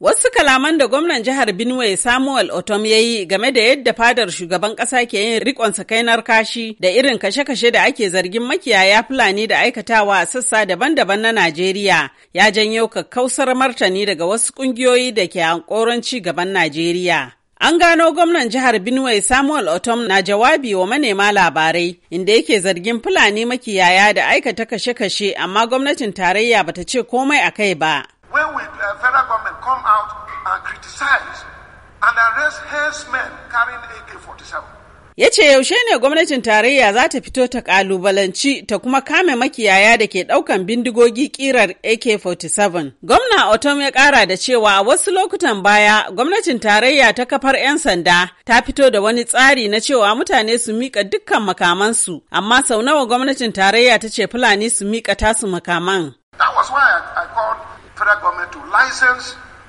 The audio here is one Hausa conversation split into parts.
Wasu kalaman da gwamnan jihar Benue Samuel Otom ya yi game da yadda fadar shugaban ƙasa ke yin rikon sakainar kashi da irin kashe-kashe da ake zargin makiyaya Fulani da aikatawa a sassa daban-daban na Najeriya ya janyo kakkausar martani daga wasu ƙungiyoyi da ke hankoron ci gaban Najeriya. An gano gwamnan jihar Benue Samuel Otom na jawabi wa manema labarai inda yake zargin Fulani makiyaya da aikata kashe-kashe amma gwamnatin tarayya bata ce komai a kai ba. size and arrest herdsmen carrying AK-47. Ya ce yaushe ne gwamnatin tarayya za ta fito ta kalubalanci ta kuma kame makiyaya da ke daukan bindigogi kirar AK-47. Gwamna Otom ya kara da cewa a wasu lokutan baya gwamnatin tarayya ta kafar 'yan sanda ta fito da wani tsari na cewa mutane su mika dukkan makamansu, amma sau nawa gwamnatin tarayya ta ce Fulani su mika tasu makaman. That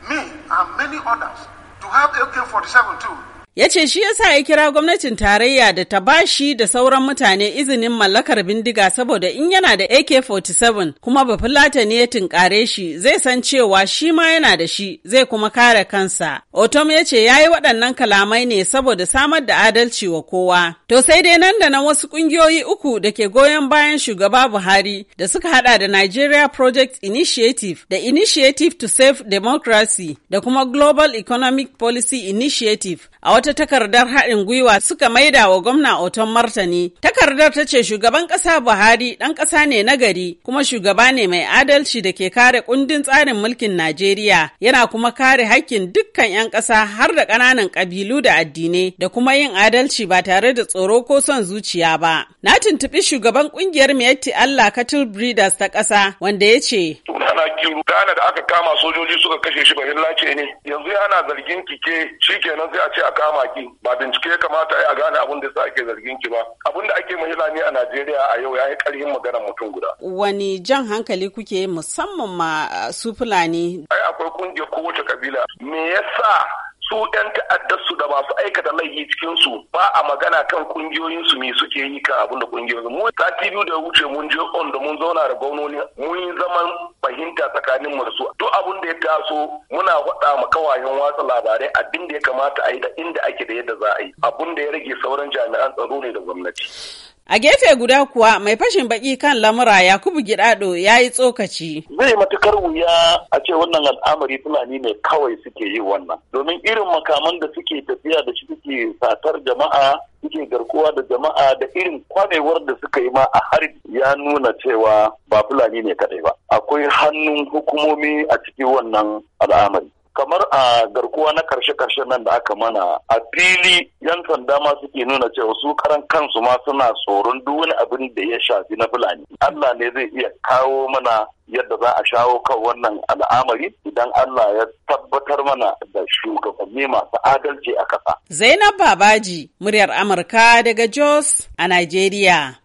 me and many others to have AK 47 too. ya ce shi sa ya kira gwamnatin tarayya da ta ba shi da sauran mutane izinin mallakar bindiga saboda in yana da AK-47 kuma ba fulata ne ya tunkare shi zai san cewa shi ma yana da shi zai kuma kare kansa. Otom ya ce ya yi waɗannan kalamai ne saboda samar da adalci wa kowa. To sai dai nan da nan wasu ƙungiyoyi uku da ke goyon bayan shugaba Buhari da suka hada da Nigeria Project Initiative da Initiative to Save Democracy da kuma Global Economic Policy Initiative a wata wata takardar haɗin gwiwa suka maida wa gwamna Oton Martani. Takardar ta ce shugaban ƙasa Buhari ɗan ƙasa ne na gari kuma shugaba ne mai adalci da ke kare kundin tsarin mulkin Najeriya yana kuma kare haƙƙin dukkan 'yan ƙasa har da ƙananan ƙabilu da addinai da kuma yin adalci ba tare da tsoro ko son zuciya ba. Na tuntuɓi shugaban ƙungiyar Miyatti Allah Cattle Breeders ta ƙasa wanda ya ce. ana kiru gana da aka kama sojoji suka kashe shi bahin lace ne yanzu ana zargin ki ke kenan sai a ce a kama ki ba bincike ya kamata a gane abin da ake zargin ki ba abin da ake mahila ne a Najeriya a yau ya yi karhin maganar mutum guda wani jan hankali kuke musamman ma uh, su Fulani ai akwai kungiyar kowace kabila me yasa su yan ta'addar su da masu aikata laifi cikin su ba a magana kan kungiyoyin su me suke yi kan abin da kungiyoyin su mu sati biyu da wuce mun je on da mun zauna da gwamnoni mun yi zaman fahimta tsakanin mu da su duk abin da ya taso muna faɗa ma kawayen watsa labarai abin da ya kamata a yi da inda ake da yadda za a yi abin da ya rage sauran jami'an tsaro ne da gwamnati A gefe guda kuwa mai fashin baki kan lamura Yakubu Gidado ya yi tsokaci. Zai matukar wuya a ce wannan al'amari Fulani ne kawai suke yi wannan. Domin irin makaman da suke tafiya da shi suke satar jama'a suke garkuwa da jama'a da irin kwanewar da suka yi ma a harbi ya nuna cewa ba Fulani ne kadai ba. Akwai hannun hukumomi a cikin wannan al'amari. kamar a garkuwa na karshe-karshe nan da aka mana a fili yan sanda ma suke nuna cewa su karan kansu ma suna tsoron duk wani abin da ya shafi na fulani Allah ne zai iya kawo mana yadda za a shawo kan wannan al'amari idan Allah ya tabbatar mana da shugabanni masu adalci a ƙasa. Zainab Babaji, muryar Amurka daga Jos a nigeria.